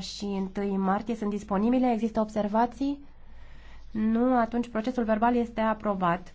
și 1 martie sunt disponibile. Există observații? Nu, atunci procesul verbal este aprobat.